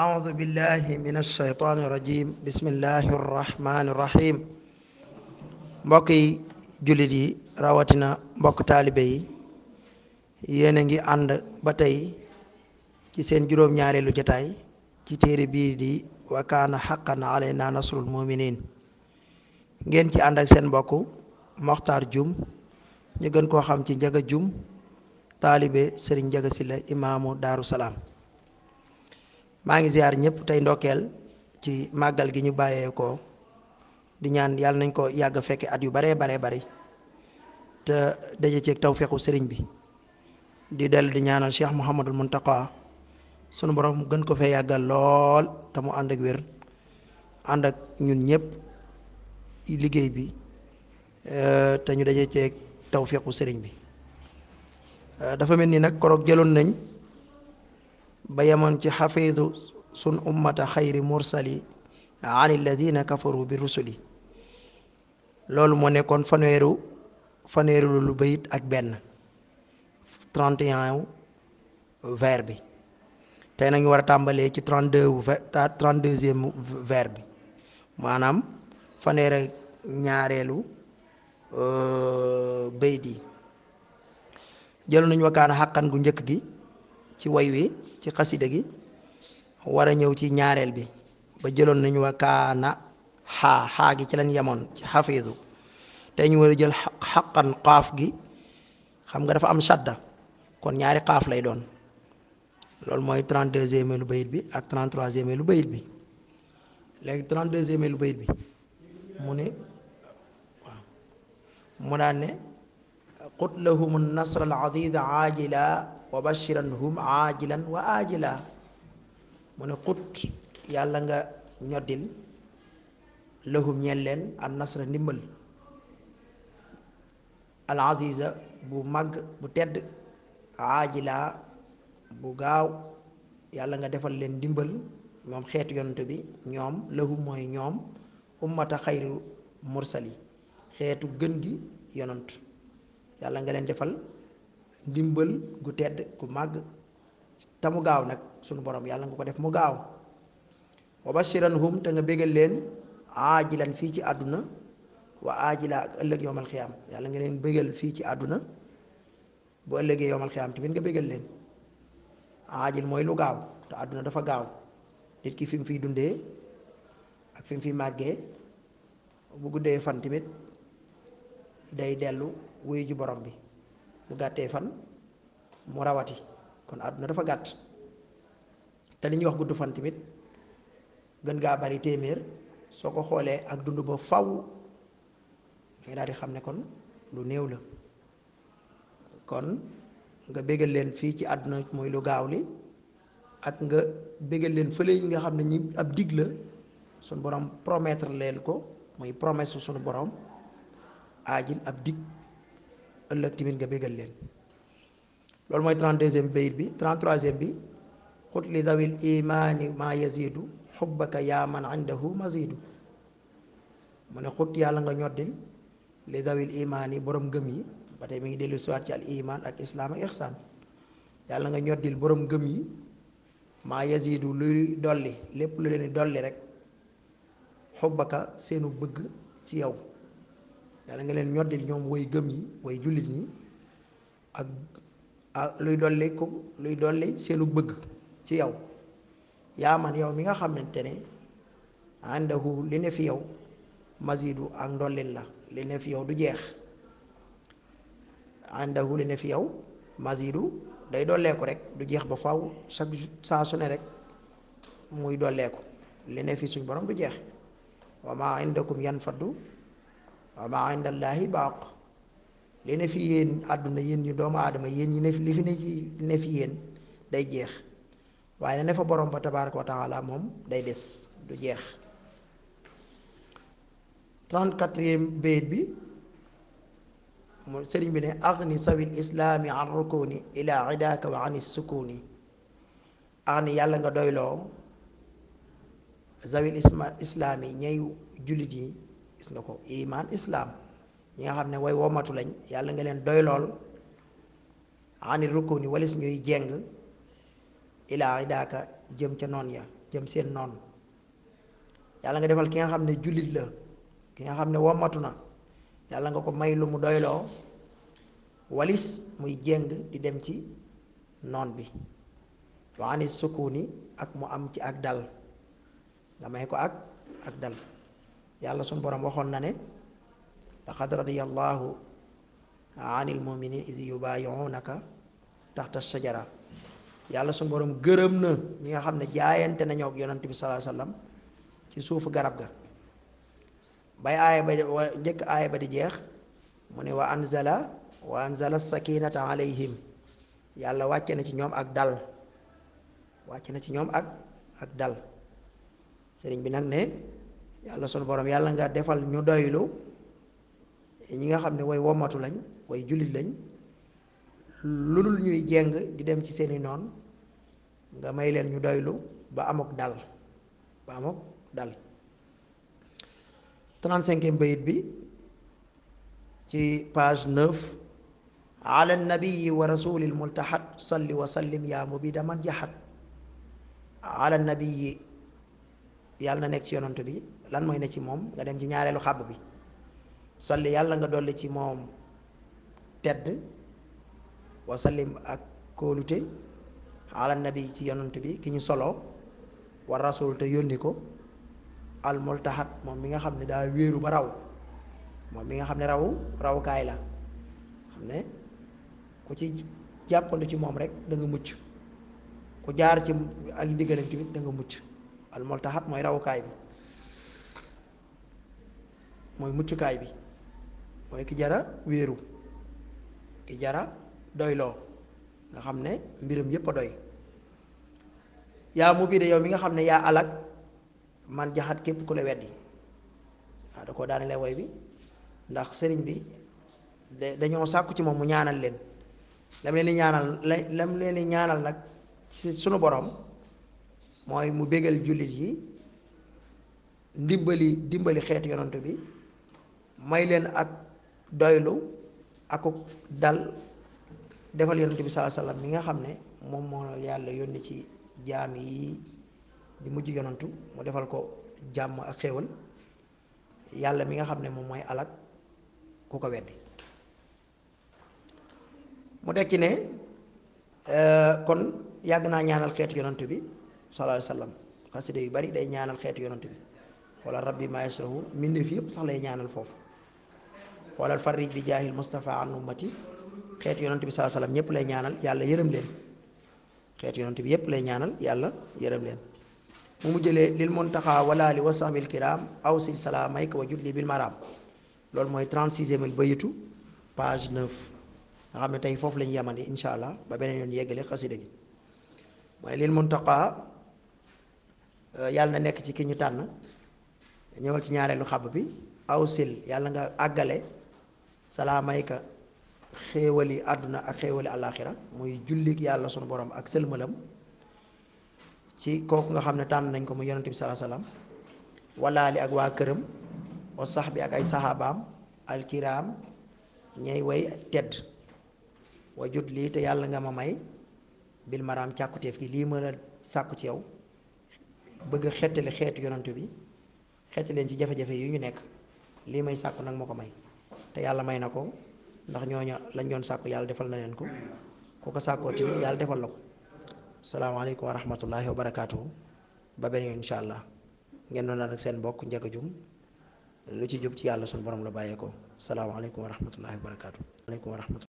أعوذ بالله من الشيطان الرجيم بسم الله الرحمن mbokki jullit yi rawatina mbokk taalibe yi yéen a ngi ànd ba tey ci seen juróom-ñaareelu jataay ci téere bii di wa kaana nasrul muminin ngeen ci ànd ak seen mbokk Moxtaar Jum ñu gën koo xam ci Njaga Jum taalibe Sëriñ Njaga Sylla imaamu Daaru Salaam maa ngi ziar ñëpp tey ndokkeel ci màggal gi ñu bàyyee ko di ñaan yàlla nañ ko yàgg a at yu baree baree bari te daje taw feexu sëriñ bi di dellu di ñaanal Cheikh Mouhamadul Mountakha sunu borom gën ko fee yàggal lool te mu ànd ak wér ànd ak ñun ñëpp liggéey bi e, te ñu daje taw tawféexu sëriñ bi e, dafa mel ni nag koroog jëloon nañ. ba yemoon ci xafiidu sun ummata xayri mursali an alladina kafaru bi rusuli loolu moo nekkoon fanweeru fanweeru lu bayit ak benn 31 vers bi tey nañu war a tàmbalee ci 32 32e vers bi maanaam fanweer ñaareelu euh, bayit yi jël nañu wakkaan xàqan gu njëkk gi ci way wi ci xasida gi war a ñëw ci ñaareel bi ba jëloon nañu wa kaana xaa xaa gi ci lañ yemoon ci xafiisu tey ñu war a jël xaqan xaaf gi xam nga dafa am sadda kon ñaari xaaf lay doon loolu mooy 32e lu bayit bi ak 33e lu bayit bi léegi 32e lu bayit bi mu ne mu daan ne qut lahum nasra al adida ajila wa bashiran hum aajilan wa aajila mu ne xut yàlla nga ñoddil lahum ñeel leen an nasra ndimbal al aziza bu màgg bu tedd aajila bu gaaw yàlla nga defal leen ndimbal moom xeetu yonent bi ñoom lahum mooy ñoom ummata xayru mursali xeetu gën gi yonent yàlla nga leen defal ndimbal gu tedd gu màgg tamu gaaw nag sunu borom yàlla nga ko def mu gaaw wa bashiran hum te nga bégal leen aajilan fii ci àdduna waa aajila ak ëllëg yowmal xiyaam yàlla nga leen bégal fii ci àdduna bu ëllëgee yowmal xiyaam tamit nga bégal leen aajil mooy lu gaaw te àdduna dafa gaaw nit ki fi fiy dundee ak fi mu fiy màggee bu guddee fan tamit day dellu wuyu ji borom bi bu gàttee fan mu rawati kon àdduna dafa gàtt te li ñuy wax gudd fan tamit gën gaa bari téeméer soo ko xoolee ak dund ba faw dangay daal di xam ne kon lu néew la kon nga bégal leen fii ci àdduna mooy lu gaaw li ak nga bégal leen fële yi nga xam ne ñi ab dig la suñu borom promettre leen ko muy promesse sunu borom aajil ab dig ëllëg tamit nga bégal leen loolu mooy 32e bayit bi 33e bi xut li dawil imaani maa yazidu xubbaka yaa man indahu mazidu mu ne xut yàlla nga ñoddil li dawil imaan yi borom gëm yi ba tey mi ngi dellu siwaat ci al iman ak islaam ak ixsaan yàlla nga ñoddil boroom gëm yi maa yazidu luy dolli lépp lu leen di dolli rek xubbaka seenu bëgg ci yow yàlla nga leen ñoddil ñoom way gëm yi way jullit ñi ak luy dolli ko luy dolli seenu bëgg ci yow yaa man yow mi nga xamante ne àndahu li yow masidu ak la li ne fi yow du jeex àndahu fi yow masidu day dolleeku rek du jeex ba faw chaque saa su ne rek muy dolleeku li ne fi suñ borom du jeex wa maa indakum yanfadu wa maa indallaahi baaq li ne fi yéen àdduna yéen ñu doomu aadama yéen ñi ne fi li fi ne fi yéen day jeex waaye ne ne fa borom ba tabaaraka wa taala moom day des du jeex 34eem bayit bi mu sëriñ bi ne agni sawil islaami an rukuni ila idaaka wa ani sukuni agni yàlla nga doyloo sawil islaami ñay jullit yi gis nga ko iman islaam ñi nga xam ne woy womatu lañ yàlla nga leen doylool lool ani rukku ni walis ñuy jeng ilaa idaaka jëm ca noon ya jëm seen noon yàlla nga defal ki nga xam ne jullit la ki nga xam ne womatu na yàlla nga ko may lu mu doyloo walis muy jeng di dem ci noon bi wa ani sukku ni ak mu am ci ak dal nga may ko ak ak dal yàlla suñ borom waxoon na ne laqad radiyallahu anil muminin iz yubayi'unaka taxta sajara yàlla sunu boroom gërëm na ñi nga xam ne jaayante nañoo ak yonent bi sallallahu alayhi ci suufu garab ga bay aaya ba njëkk aaya ba di jeex mu ne wa anzala wa anzala sakinata alayhim yàlla wàcce na ci ñoom ak dal wàcce na ci ñoom ak ak dal sëriñ bi nag ne yàlla sunu boroom yàlla nga defal ñu doylu ñi nga xam ne way wommatu lañ way jullit lañ lu dul ñuy jéng di dem ci seeni noon nga may leen ñu doylu ba amok dal ba amok dal 35e bayit bi ci page 9 ala nabiyi wa rasulil multaxat salli wa sallim yaa mubida man jaxat ala nabiyi yàlla na nekk ci yonant bi lan mooy na ci moom nga dem ci ñaareelu xàbb bi solli yàlla nga dolli ci moom tedd wa sallim ak kóolute na bi ci yonant bi ki ñu solo wa rasul te yónni ko al multahat moom mi nga xam ne daa wéeru ba raw moom mi nga xam ne raw rawukaay la xam ne ku ci jàppandu ci moom rek da nga mucc ku jaar ci ak ndigalam tamit da nga mucc al multahat mooy rawukaay bi mooy muccukaay bi mooy ki jara wéeru ki jara doyloo nga xam ne mbiram yépp a doy yaa mu bii de yow mi nga xam ne yaa alak man jaxat képp ku la weddi waaw da koo daanale woy bi ndax sëriñ bi dañoo sàkku ci moom mu ñaanal leen lam leen di ñaanal lam leen ñaanal nag ci sunu boroom mooy mu bégal jullit yi ndimbali dimbali xeetu yonantu bi may leen ak doylu akuk dal defal yonent bi sallallahu alayhi wasallam mi nga xam ne moom moo yàlla yónni ci jaam yi di mujj yonantu mu defal ko jàmm ak xéewal yàlla mi nga xam ne moom mooy alak ku ko weddi mu tekki ne euh, kon yàgg naa ñaanal xeet yonantu bi sallallahu alayhi wasallam xasida yu bari day ñaanal xeet yonantu bi wala rabbi maa yasrahu mbindeef yëpp sax lay ñaanal foofu xoolal farrij bi jaahil Mustafa an ummati xeet yonent bi sallallahu alayhi ñëpp lay ñaanal yàlla yërëm leen xeet yonent bi yëpp lay ñaanal yàlla yërëm leen mu mujjëlee lil montaxaa walaali wa sahbil kiram aw si salaamayka wa jutli bil maram loolu mooy 36e bayitu page 9 nga xam ne tey foofu lañu ñu yemandi incha allah ba beneen yoon yeggale xasida gi mu ne lil montaxaa euh, yàlla na nekk ci ki ñu tànn ñëwal ci ñaareelu xab bi aw sil yàlla nga àggale salaamayka xéewali àdduna ak xéewali alaaxira muy jullik yàlla sunu borom ak sëlmalam ci kooku nga xam ne tànn nañ ko mu yonent bi salaa salaam walaali ak waa këram wa sax bi ak ay saxaabaam alkiraam ñay way tedd wa jut lii te yàlla nga ma may bil maraam càkkutéef gi lii ma la sàkku ci yow bëgg xettali xeetu yonent bi xetti leen ci jafe-jafe yu ñu nekk lii may sàkku nag moo ko may te yàlla may na ko ndax ñooñu lañ doon sàkku yàlla defal na leen ko ku ko sàkkoo tamit yàlla defal la ko salaamaaleykum wa rahmatullahi wa barakaatuhu ba beneen incha allah ngeen doon naan ak seen bokk Ndiaga Dioum lu ci jub ci yàlla suñu borom la bàyyeekoo salaamaaleykum wa rahmatullahi wa barakaatuhu.